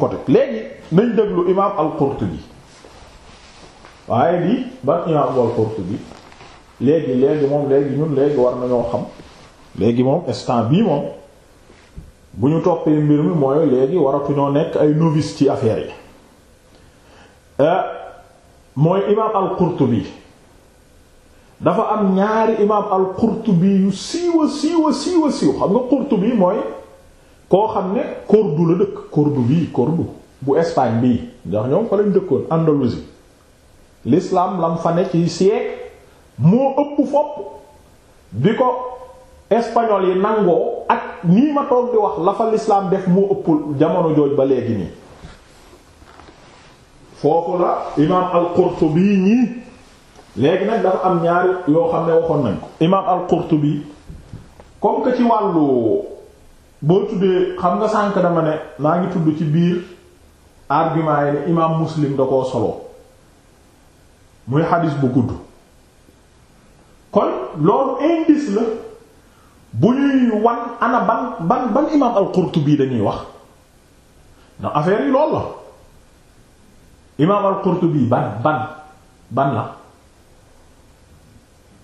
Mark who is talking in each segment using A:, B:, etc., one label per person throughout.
A: côté léegi nañ déglu imaam al-Qurtubi waaye di ban imaam léegi léegi moom léegi ñun léegi war nañoo xam léegi moom instant bii moom bu ñu toppee mbir mi mooy léegi waratuñoo nekk ay novice ci affaire yi euh, mooy imaam al-Qurtubi dafa am ñaari imaam al-Qurtubi yu siiwa siiwa siiwa siiw xam nga Qurtubi mooy koo xam ne Cordoue la dëkk Cordoue bii Cordoue bu Espagne bii ndax ñoom fa lañ dëkkoon Andalousie l'islam lam fa ne ci siècle moo ëpp fopp bi ko espagnol yi nangoo ak nii ma toog di wax la fa l'islam def moo ëpp jamono jooj ba léegi nii foofu la imaam al-Qurtubi ñii léegi nag dafa am ñaari yoo xam ne waxoon nañ ko imaam al-Qurtubi comme que ci wàllu boo tuddee xam nga sànk dama ne maa ngi tudd ci biir argument yi ne imaam muslim da koo solo muy xadis bu gudd kon loolu indice la bu ñuy wan ana ban ban ban imaam al-Qurtubi dañuy wax ndax affaire yi loolu la imaam al-Qurtubi ban ban ban la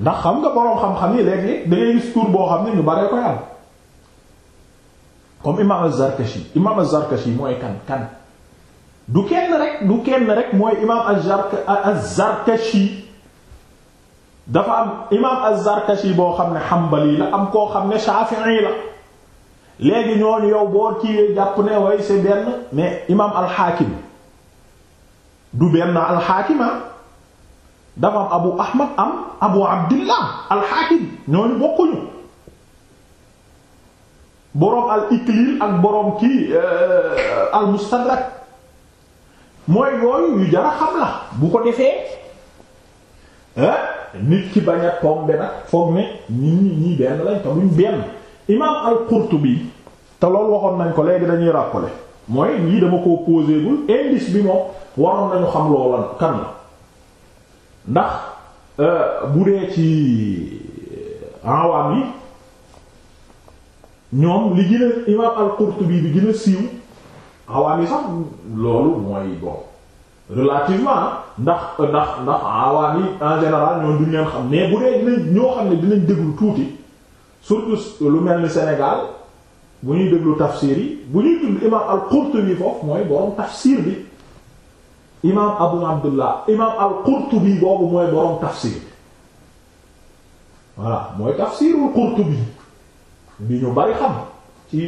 A: ndax xam nga boroom xam-xam yi léegi da ngay gis tur boo xam ne ñu baree koy am comme imam az-Zarkashi imam az-Zarkashi mooy kan kan du kenn rek mooy imam az-Zarkashi dafa am imam az-Zarkashi boo xam ne Hanbali la am koo xam ne Shafi'i la léegi ñooñu yow boo ciwee jàpp ne way c'est benn mais imam al-Hakim du benn al-Hakim ah. dafa am Abu Ahmad am Abu Abdillah al-Hakim ñooñu bokkuñu boroom al iklil ak boroom ci euh, al mustadrak mooy yooyu yu jara xam la bu ko defee nit ci bañ a tombe nag foog ne nit ñi benn lañ te buñ benn imaam al qurtubi te loolu waxoon nañ ko léegi dañuy ràppale mooy lii dama ko posé bul indice bi moom waroon nañu xam loola kan la ndax euh, bu dee ci awaam euh, yi ñoom li gën a imaam al-Qurtubi bi gën a siiw awaan yi sax loolu mooy bon relativement ndax ndax ndax awaan yi en général ñoom duñ leen xam mais bu dee dinañ ñoo xam ne dinañ déglu tuuti surtout lu mel ni Sénégal bu ñuy déglu tafsir yi bu ñuy déglu imaam al-Qurtubi foofu mooy borom tafsir bi imaam Abu Abdullah imaam al-Qurtubi boobu mooy borom tafsir bi mooy tafsirul Qurtubi bi ñu bari xam ci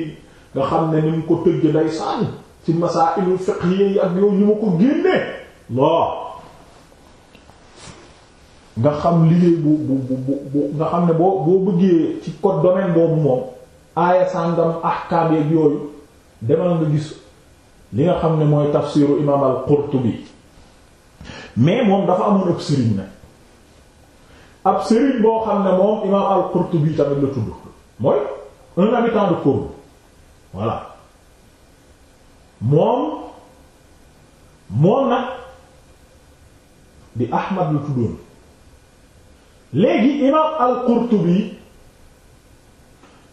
A: nga xam ne ni mu ko tëgg day sànni ci masaa-ilul fiqhiyya yi ak yooyu ñu ma ko génnee loo nga xam liggéey bu bu bu bu nga xam ne boo boo bëggee ci code domaine boobu moom aaya sàngam ahkaam yeeg yooyu demal nga gis li nga xam ne mooy tafsiru imaam al-Qurtubi mais moom dafa amoon ab sëriñ nag ab sëriñ boo xam ne moom imaam al-Qurtubi tamit la tudd mooy un habitant de Kourou voilà moom moom nag di Ahmad lu tuddoon léegi imam al-Qurtubi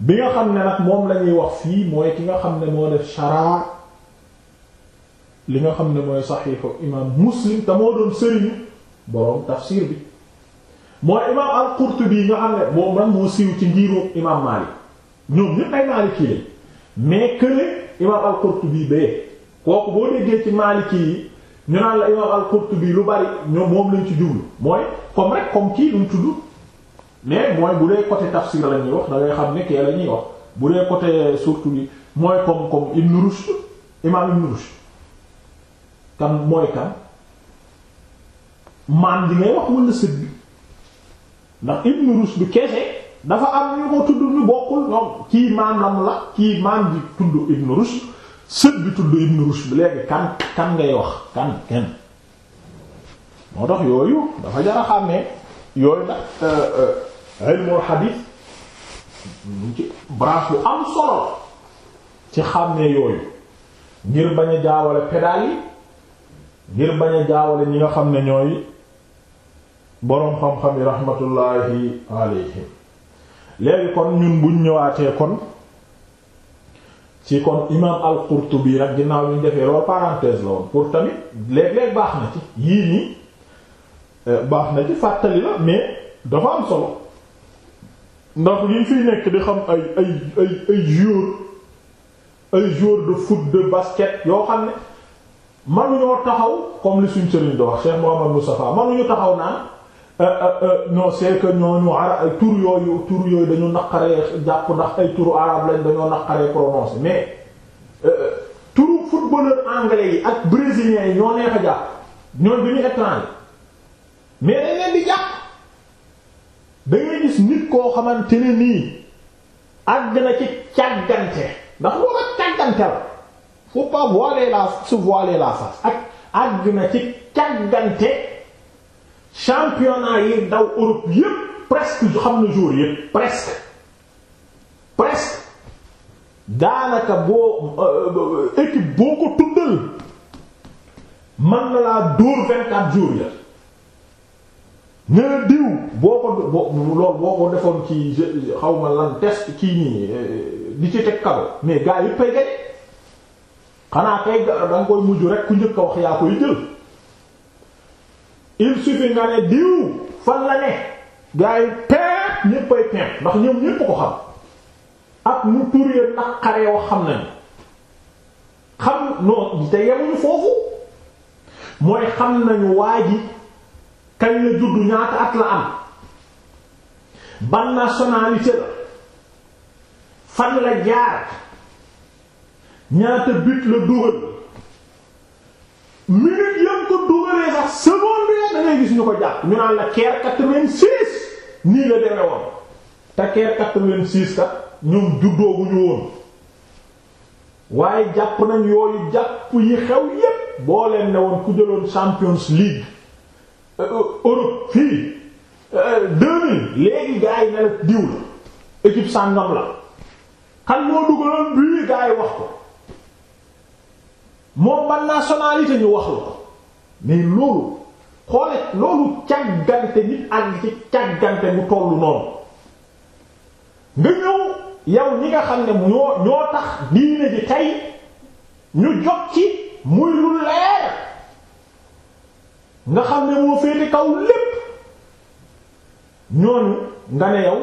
A: bi nga xam ne nag moom la ñuy wax fii mooy ki nga xam ne moo def sharaa li nga xam ne mooy saxiixu imam Muslim te moo doon sëriñu boroom bi mooy imam al-Qurtubi nga xam ne moom nag moo siiw ci ngiiru imam Maalik ñoom ñëpp ay Maliki yi mais que ne imaam al-Qurtubi bee kooku boo déggee ci Maliki yi ñu naan la imaam al-Qurtubi lu bari ñoom moom lañ ci jublu mooy comme rek comme kii duñ tudd mais mooy bu dee côté tafsir la ñuy wax da ngay xam ne la ñuy wax bu dee côté surtout bi mooy comme comme Ibn Rushd imaam Ibn Rushd tam mooy kan maam ji ngay wax wala sët bi ndax Ibn Rushd bi kese dafa am ñu ko tudd ñu bokkul ñoom kii maanam la kii maan bi tudd Ibn Rushd sët bi tudd Ibn Rushd léegi kan kan ngay wax kan kenn moo tax yooyu dafa jara xam ne yooyu nag euh, euh, ilmul hadith ci bu am solo ci xam yooyu ngir bañ a jaawale pédale yi ngir bañ jaawale ñi nga xam ne ñooy boroom xam-xam yi rahmatullahi alayhim léegi kon ñun buñ ñëwaatee kon ci kon imaam al-Qurtubi nag ginnaaw ñu defee loolu parenthèse la woon pour tamit léeg-léeg baax na ci yii nii euh, baax na ci fàttali la mais dafa am solo ndax liñ fiy nekk di xam ay ay ay ay joueurs ay joueurs de foot de basket yoo xam ne mënuñoo taxaw comme li suñ sëriñ do wax Cheikh Mouhamadou Moustapha mënuñu taxaw naan. Euh, euh, euh, non c'est que ñooñu arab tur yooyu tur yooyu dañu naqaree jàpp ndax ay turu arab lañ dañoo naqaree prononcé mais turu footballeur anglais yi ak brésilien yi ñoo neex a jàpp ñooñu duñu étranger mais dañ leen di jàpp da ngay gis koo xamante ne nii àgg na ci càggante ndax loolu ak càggante la faut pas voiler la se voiler la face ak àgg na ci càggante. championnat yi daw Europe yépp presque xam na jour yépp presque presque daanaka boo euh, équipe boo ko tuddal man na laa dóor vingt-quatre jours ya ne la diw boo ko boo loolu boo ko defoon ci xaw ma lan test kii nii euh, di ci teg kaw mais gars yi pay gaje xanaa kay da nga koy mujj rek ku njëkk wax yaa koy jël il suffit nga ne diw fan la ne gars yi peep ñépp ay ndax ñoom ñépp ko xam ak mu turee naqaree wax xam nañu xam non te yemuñu foofu mooy xam nañu waa ji kañ la juddu ñaata at la am ban nationalité la fan la jaar ñaata but la dugal minute yam ko dugalee sax seconde ya da ngay gis ñu ko jàpp ñu naan la keer quatre vingt nii la demee woon te keer quatre-vingt-six kat juddoo bu ñu woon waaye jàpp nañ yooyu jàpp yi xew yépp boo ne woon ku jëloon Champions League euh, euh, Europe fii euh, deux léegi gars yi ne diw la équipe sàngam la xam moo dugaloon bii gars yi wax ko moom ban nationalité ñu wax la ko mais loolu xoole loolu càggante nit àgg ci càggante bu tollu noonu nga ñëw yow ñi nga xam ne ñoo ñoo tax diine ji tey ñu jot ci muy lu leer nga xam ne moo féete kaw lépp ñooñu nga ne yow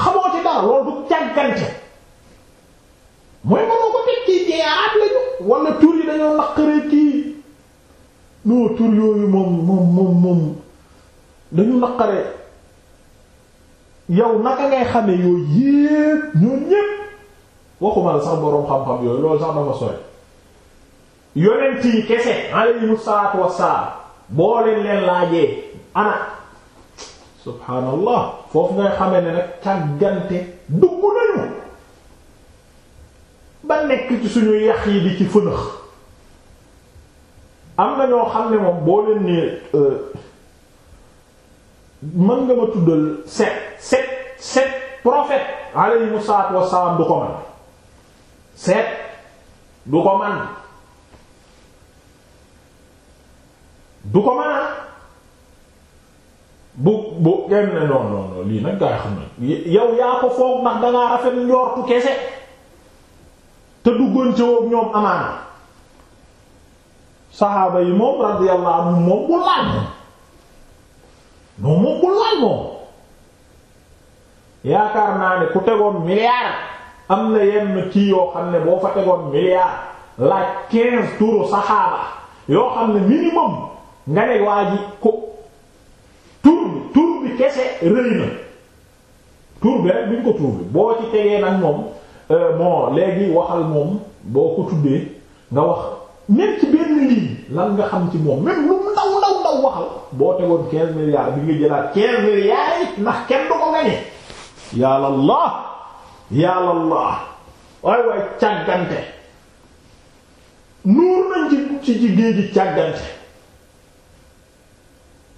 A: xamoo ci dara loolu du càggante mooy mënoo ko teg ci dee arab lañu wala tur yi dañoo naqaree kii noo tur yooyu moom moom moom moom dañu naqare yow naka ngay xamee yooyu yépp ñoom ñépp waxuma la sax boroom xam-xam yooyu loolu sax dafa sore yonent yi kese alayhimu salaatu wassalaam boo leen leen laajee ana subhaanallah foofu ngay xamee ne nag càggante dugg nañu la nekk ci suñu yax yi di ci fënax am na ñoo xam ne moom boo leen ne euh, mën nga ma tuddal set set set prophète alayhi salaatu wassalaam du ko man set du ko man du ko man ah. bu bu kenn non non non lii nag gaa xam ne yow yaa ko foog ndax dangaa rafet njortu kese te duggoon ca woog ñoom amaana saxaaba yi moom radiyallahu anhum moom moom moom bu moom yaakaar naa ni ku tegoon milliard am na yenn ci yoo xam ne boo fa tegoon milliard la quinze turu saxaaba yoo xam ne minimum nga ne waa ji tur bi tur bi kese rëy na tur bi bi ñu ko tur bi boo ci tegee nag moom Euh, bon léegi waxal moom boo ko tuddee nga wax même ci benn ligne lan nga xam ci moom même lu ndaw ndaw ndaw waxal boo tegoon quinze milliards bi nga jëlaat quinze milliards ndax kenn du ko gañe yàlla laa yàlla laa waay waay càggante nuur nañ ci ci jigéen ji càggante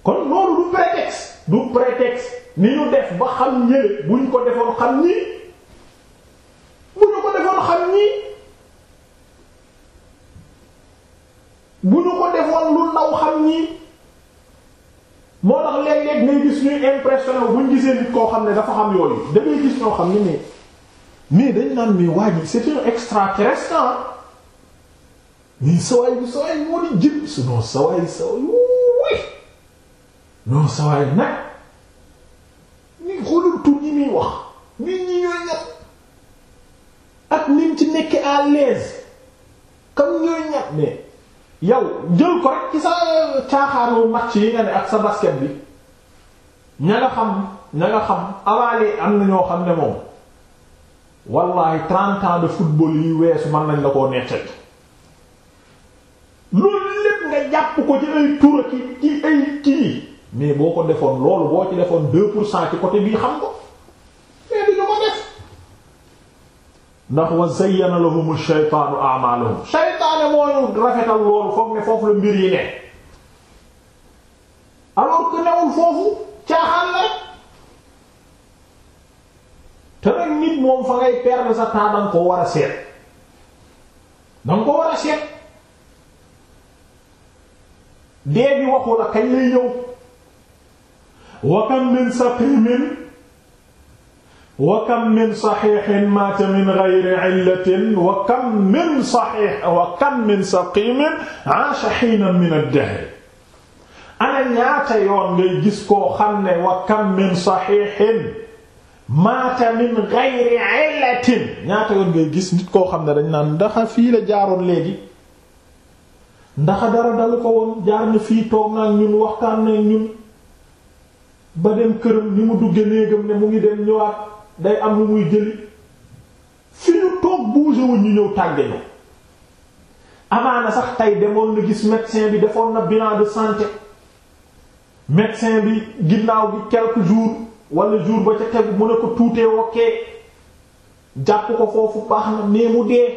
A: kon loolu du prétexte du prétexte ni ñu def ba xam ñële buñ ko defoon xam ñi ñi bu ñu ko defoon lu ndaw xam ñi moo tax léeg-léeg ngay gis ñuy impressionné bu ñu gisee nit koo xam ne dafa xam yooyu da ngay gis ñoo xam ne mais mais dañ naan mais waa ji c'est un extraterrestre nii sawaay bi sawaay moo di jib su non sawaay sawaay wuuy non sawaay nag ni xoolul tur muy wax ak nim ci nekk à l'aise comme ñooy ñat mais yow jël ko rek ci sa euh, caaxaanu match yi nga ne ak sa basket bi ña nga xam ña nga xam avale am na ñoo xam ne moom wallahi trente ans de football yi weesu mën nañ la koo nettali loolu lépp nga jàpp ko ci ay tura ci ci ay kii mais boo ko defoon loolu boo ci defoon deux pour cent ci côté bii xam ko ndax wa zayyana lahum shaytaanu a'maalahum shaytaane moo ñu rafetal foofu la mbir yi ne alors caaxaan la te nag nit moom fa ngay perdre sa temps ko war a seet danga ko war a seet dee bi waxu la kañ lay ñëw wa kam min saqimin wa kam min saxiixin maata min gayri illatin wa kam min saxiix wa kam min saqiimin aasha min ad ana ñaata yoon ngay gis koo xam ne wa kam min saxiixin maata min gayri illatin ñaata yoon ngay gis nit koo xam ne dañ naan ndaxa fii la jaaroon léegi ndaxa dara dalu ko woon jaar na fii toog naa ñun waxtaan na ñun ba dem këram ni mu dugge néegam ne mu ngi dem ñëwaat day am lu muy jëli fi ñu toog bougé ñu ñëw tàgge ñu amaana sax tey demoon na gis médecin bi defoon na bilan de santé médecin bi ginnaaw bi quelques jours wala jur ba ca tegu mu ne ko tuutee wokkee jàpp ko foofu baax na nee mu dee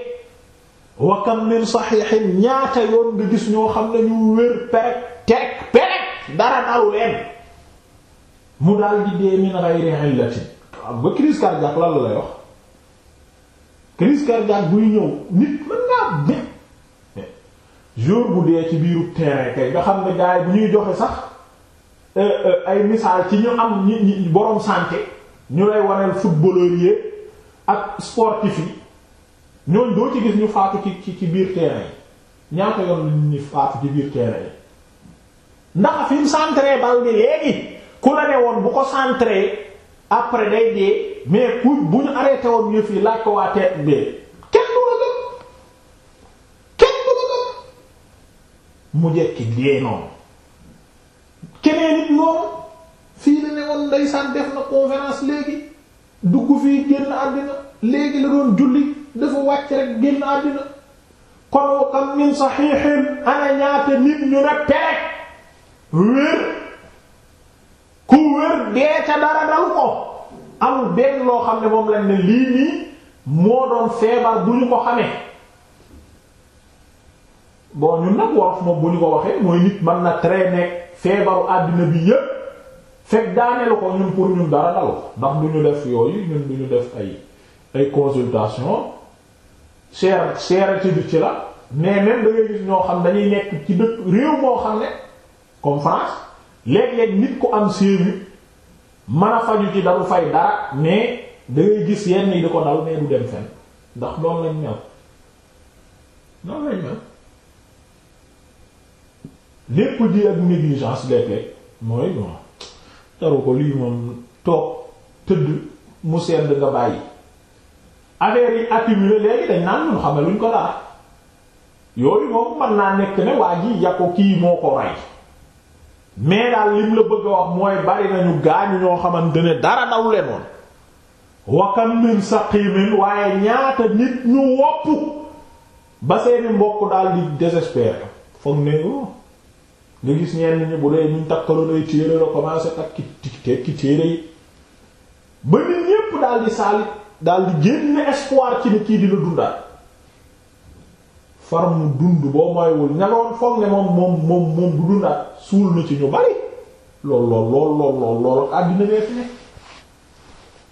A: wa kam min saxiixin ñaata yoon nga gis ñoo xam ne ñu wér perek terek perek dara daru leen mu daal di dee min ghayri illatin xam nga crise cardiaque lan lay wax crise cardiaque buy ñëw nit mën naa ne jour bu dee ci biiru terrain kay nga xam ne gars bu ñuy joxe sax euh, euh, ay misaal ci ñu am ñi ñi borom santé ñu lay waneel footballeur yi ak sportif yi ñooñ doo ci gis ñu faatu ci ci biir terrain yi ñaata yoon nit faatu ci biir terrain yi ndax fi mu centré bal bi léegi ku la ne woon bu ko centré après day dee mais ku bu ñu arrêté woon yëf yi laaj ko waa tee ba kenn du la gëm kenn du la gëm mu jekki dee noonu keneen it moom fii la ne woon ndeysaan def na conférence léegi dugg fii génn àddina léegi la doon julli dafa wàcc rek génn àddina kon min sahihin ana nit ñu ne perek ku wér dee ca dara dal ko amul benn loo xam ne moom lañ ne lii nii moo doon feebar bu ñu ko xamee bon ñun nag wolof moom bu ñu ko waxee mooy nit mën na traîner feebaru àddina bi yépp fekk daaneelu ko ñun pour ñun dara dal ko ndax du ñu def yooyu ñun du ñu def ay ay consultation cher cher ci du ci la mais même da ngay gis ñoo xam dañuy nekk ci dëkk réew moo xam ne comme France léeg nit ku am séeru mën a faju ci daru fay dara mais da gis yenn yi di ko dal mais du dem fenn ndax loolu lañ mel loolu lañ mel lépp di ak négligence léeg mooy bon taru ko lii moom toog tëdd mu sedd nga bàyyi affaire yi accumulé dañ naan ñun xame luñ ko dara yooyu moom mën naa nekk ne waa ji yàqu kii moo ko rey mais daal lim la bëgg a wax mooy bari nañu gaañu ñoo xamante ne dara daw leen woon wa waaye ñaata nit ñu wopp ba seeni mbokk daal di désespéré foog ne oh, nga gis ñenn ñi bu dee ñu takkaloon ay téere la commencé takki téere yi ba nit ñépp daal di saalit daal di génn espoir ci ni kii di dundaat far mu dund boo mooywul ñagoon foog moom moom moom moom du dundaat suul na ci ñu bari lool lool lool lool àddina bee fi ne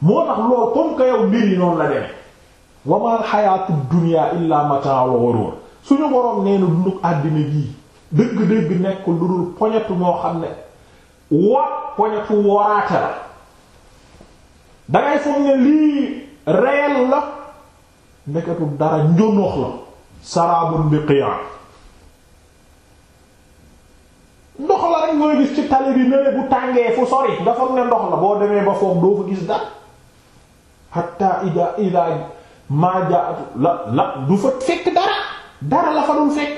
A: moo tax lool comme que yow mbir yi noonu la deme wamal xayaatu dunya illa mata'ul ghurur suñu boroom nee na dunduk gii dëgg-dëgg nekk lu dul poñetu moo xam ne wa poñetu waraate la dangay foog ne lii réel la ndeketu dara njonox la saraabun bi ndox la rek ngay gis ci tali bi nele bu tàngee fu sori nga ndox la boo demee ba foofu doo fa gis dara hatta ida ida maa la la du fa fekk dara dara la fa dul fekk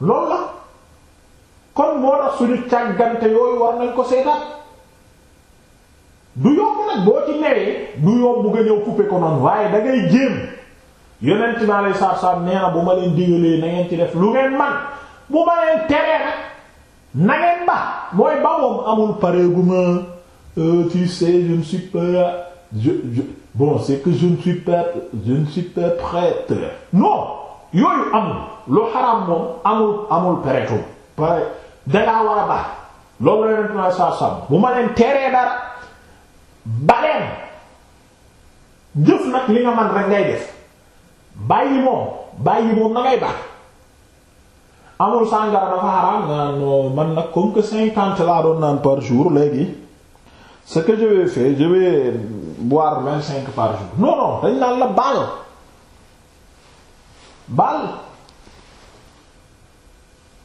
A: loolu la kon moo tax suñu càggante yooyu war nañ ko seetaat du yomb nag boo ci newee du yomb nga ñëw couper ko noonu waaye dangay ngay jéem yonent bi alei saatu salaam nee na bu ma leen digalee na ngeen ci def lu ngeen man bu ma leen teree nag na ngeen ba mooy ba moom amul pareeguma euh, tu sais je ne suis pas je je bon c'est que je ne suis pas je ne suis pas prête non yooyu amul lu xaram moom amul amul pareetu pare dangaa war a baax loolu yonent bi alei saatu salaam bu ma leen teree dara baleen jëf nag li nga man rek ngay def bàyyi moom bàyyi moom na ngay baax amul sàngara dafa xaraam nga non man nag comme que cinquante laa doon naan par jour léegi ce que je vais faire boire vingt cinq par jour dañ naan la baal baal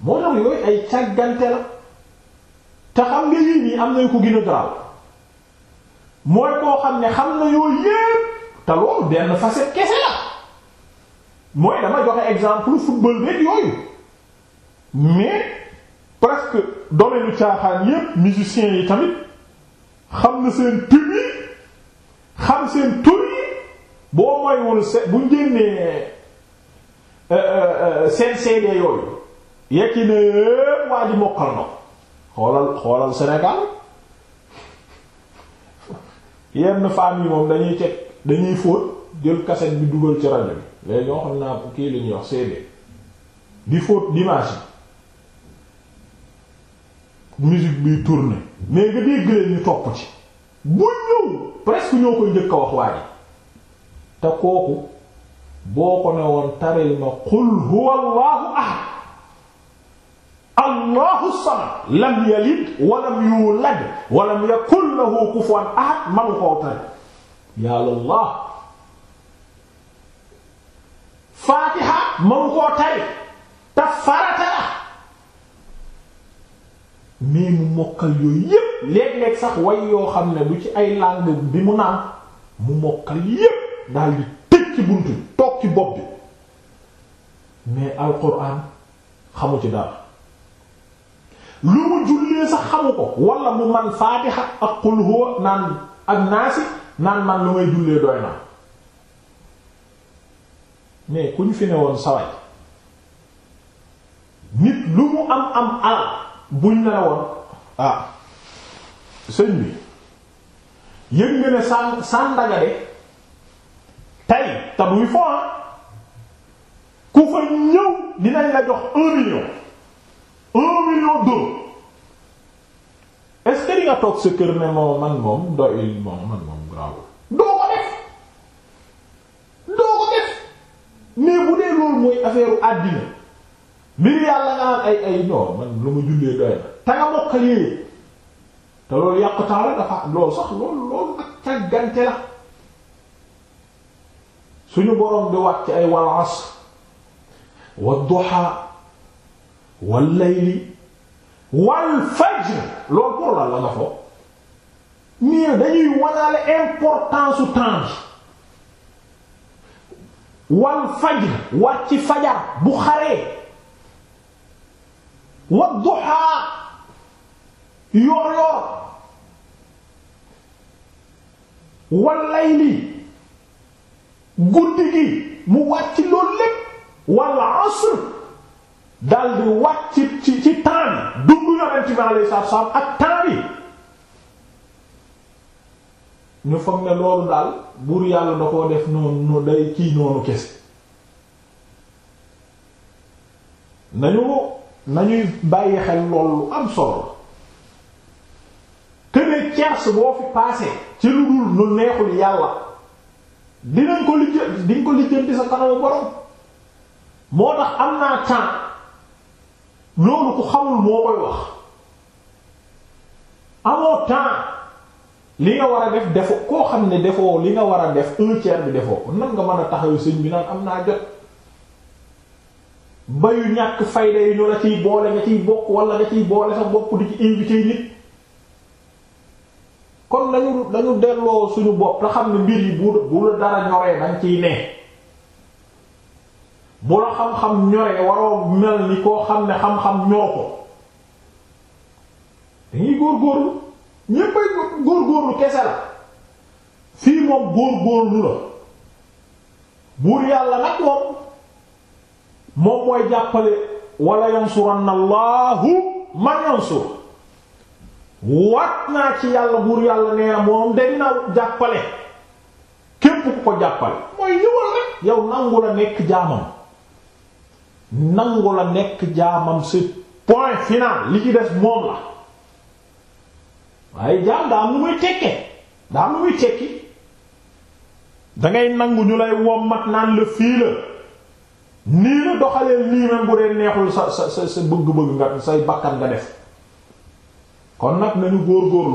A: moo tax yooyu ay càggante te xam nga yii nii am nañ ko gën a mooy koo xam ne xam na yooyu yépp te loolu benn facette kese mooy dama joxe exemple football beeg yooyu mais presque domaine u caaxaan yépp musiciens yi tamit xam na seen pub yi xam seen tur yi boo moywul se bu njënnee euh, euh, euh, seen CD yooyu yekki ne waa mokkal na xoolal xoolal Sénégal yenn femmes moom dañuy teg dañuy fóot jël cassette bi dugal ci rajo léegi xam naa ko kii la ñuy wax CD di fóot dimanche musique bi tourner mais nga dégg leen ñu topp ci bu ñëw presque ñoo koy njëkk a wax waaye te kooku boo ko ne woon taril ma qul huwa allahu ahad allahu samad lam yalid walam yulad walam yakul lahu kufuwan ahad man koo tari yàlla allah faatiha manu koo tari taf farata la mais mu mokkal yooyu yépp léeg-léeg sax way yoo xam ne du ci ay langue bi mu naan mu mokkal yépp daal di tëj ci buntu toog ci bopp bi mais alquran xamu ci dara lu mu jullee sax xamu ko wala mu man faatiha ak qul naan ak naasi naan man lu may jullee doy na mais ku ñu fi ne woon saway nit lu mu am am alal buñ na la woon ah sëñ bi yëg nga ne san sandaga de tey te duy fo ah, ku fa ñëw dinañ la jox un million un million deux nga toog sa kër ne moo man moom doyul moom man moom grawul mais bu dee loolu mooy affaire àddina mbir yàlla nga naan ay ay non man lu ma jullee doy na te nga mokkal yéen te loolu yàqu temps dafa loolu sax loolu loolu càggante la suñu boroom bi wax ci ay wal asr wad duha wal layli wal fajr loolu pour la la nga fo mais dañuy wanaale importance su wal fajr wàcc fajar bu xare wa duhaa yoor yoor wal layli gi mu wàcc loolu lépp wal asr daldi wàcc ci ci temps bi dundu yonent bi alayhi salaatu salaam ak temps ñu foog ne loolu daal buur yàlla da koo def noonu day kii noonu kese nañu nañuy bàyyi xel loolu am solo kënee cers boo fi paase ci lu dul lu neexul yàlla dinañ ko lijjanti diñ ko lijjanti sa kanamu borom moo tax am naa temps loolu ku xamul moo koy wax amoo temps li nga war a def defoo koo xam ne defoo li nga war a def un tiers bi defoo nan nga mën a taxaw sëñ am naa jot bayu ñàkk fayda yi ñu boole nga bokk wala nga ciy boole sa bopp di ci invité nit kon nañu nañu delloo suñu bopp te xam ne mbir yi bu bu dara ñoree dañ ciy ne bu la xam-xam ñoree waroo mel ni koo xam ne xam-xam ñoo ko dañuy góorgóorlu ñépp ay góorgóorlu kese la fii moom góorgóorlu la buur yàlla nag moom moom mooy jàppale walla yansuranna allahu man yansur waat naa ci yàlla buur yàlla nee moom dañ na jàppale képp ku ko jàppale mooy ñëwal rek yow nangu la nekk jaamam nangu la nekk jaamam c'est point final li ci des moom la waaye jaam daa lu muy tekke daa am lu muy tekki dangay nangu ñu lay wommat naan la fii la nii la doxalee nii même bu dee neexul sa sa sa bëgg-bëgg nga say bakkan nga def kon nag nañu góor góorlu